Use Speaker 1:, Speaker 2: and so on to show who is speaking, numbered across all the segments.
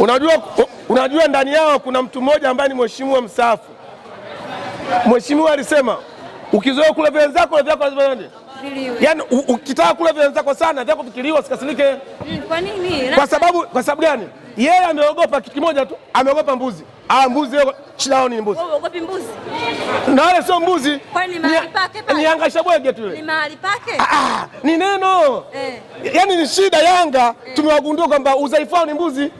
Speaker 1: Unajua, unajua ndani yao kuna mtu mmoja ambaye ni mheshimiwa mstaafu. Mheshimiwa alisema ukizoea kula vya wenzako na vyako lazima nende. Yaani ukitaka kula vya wenzako sana vyako vikiliwa usikasirike.
Speaker 2: Mm, kwa nini?
Speaker 1: Kwa sababu kwa sababu gani? Yeye ameogopa kitu kimoja tu, ameogopa mbuzi. Ah, mbuzi leo shida yao ni mbuzi.
Speaker 2: Wewe Uogopi mbuzi?
Speaker 1: Na wale sio mbuzi.
Speaker 2: Kwa nini mahali pake
Speaker 1: pale? Ni Yanga shabwege tu yule.
Speaker 2: Ni mahali pake?
Speaker 1: Ah, ah, ni neno. Eh. Yaani ni shida Yanga eh. Tumewagundua kwamba udhaifu wao ni mbuzi.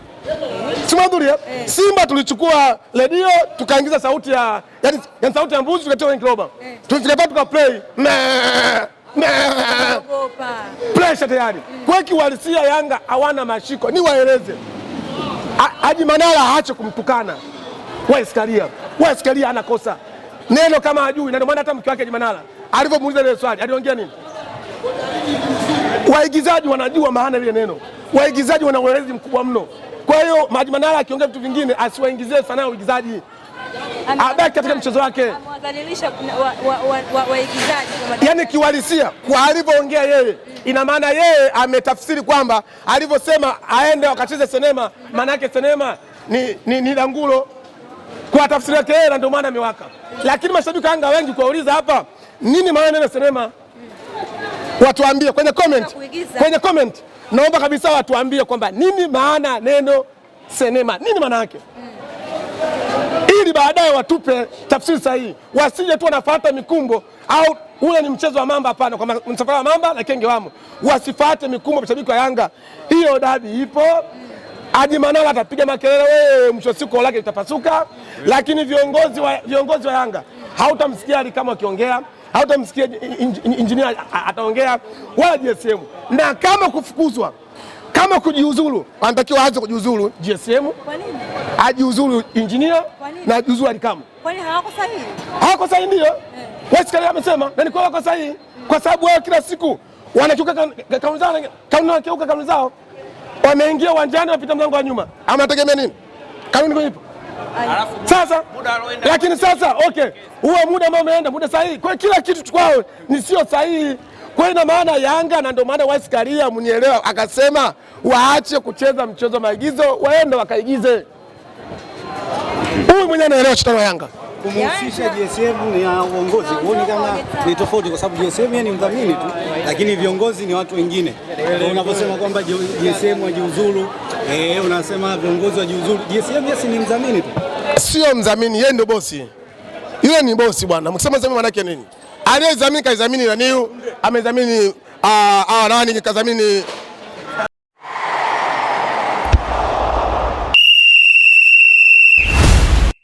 Speaker 1: Simadhuri eh. Simba tulichukua redio tukaingiza sauti ya yani, yani sauti ya mbuzi tukatoa kwenye kiroba. Eh. tuka play. pressure tayari. Mm. Kwa kiuhalisia Yanga hawana mashiko. Ni waeleze. Haji Manara aache kumtukana. Wewe sikalia anakosa. Neno kama hajui na ndio maana hata mke wake Haji Manara alivyomuuliza ile swali aliongea nini? Waigizaji wanajua maana ile neno. Waigizaji wana uelezi mkubwa mno. Kwa hiyo maji Manara akiongea vitu vingine asiwaingizie sanaa ya uigizaji, abaki katika mchezo wake, yaani kiwalisia kwa alivyoongea yeye ina maana yeye ametafsiri kwamba alivyosema aende wakacheze sinema, maana yake sinema ni, ni, ni langulo kwa tafsiri yake yeye, na ndio maana amewaka. Lakini mashabiki Yanga wengi kuwauliza hapa, nini maana neno sinema? Hmm. Watuambie kwenye comment, kwenye comment naomba kabisa watuambie kwamba nini maana neno senema, nini maana yake, ili baadaye watupe tafsiri sahihi, wasije tu wanafuata mikumbo au ule ni mchezo wa Mamba. Hapana, kwa msafara wa Mamba na Kenge wamo, wasifuate mikumbo. Mashabiki wa Yanga, hiyo dabi ipo hadi Manara atapiga makelele wewe, mwisho siku lake litapasuka, lakini viongozi wa, viongozi wa Yanga hautamsikia kama wakiongea hautamsikia injinia ataongea wala GSM. Na kama kufukuzwa kama kujiuzuru, anatakiwa aanze kujiuzuru GSM, ajiuzuru injinia na ajiuzuru alikamu.
Speaker 2: nini hawako sahihi?
Speaker 1: Hawako sahihi, ndio eh. wasikali amesema, na ni kwa wako sahihi, kwa sababu wao kila siku wanakiuka kanuni zao, kanuni wanakiuka kanuni zao, wameingia uwanjani, wapita mlango wa nyuma, ama nategemea nini? Kanuni ipo. Sasa lakini sasa okay, huo muda ambao umeenda muda sahihi, kwa kila kitu kwao ni sio sahihi. Kwa ina maana Yanga, na ndio maana Waskaria mnielewa, akasema waache kucheza mchezo maigizo, waende wakaigize. Huyu mwenyewe anaelewa shetani wa Yanga
Speaker 3: kumhusisha GSM na uongozi kuoni kama ni tofauti, kwa sababu GSM ni mdhamini tu, lakini viongozi ni watu wengine. Unaposema kwamba GSM wajiuzuru Eh, unasema viongozi wa jiuzuru. yes ni mdhamini tu.
Speaker 1: Sio mdhamini, yeye ndio bosi. Yule ni bosi bwana. Mkisema mdhamini maana yake nini? Aliyedhamini kaidhamini nani? Amedhamini ah, ah nani kadhamini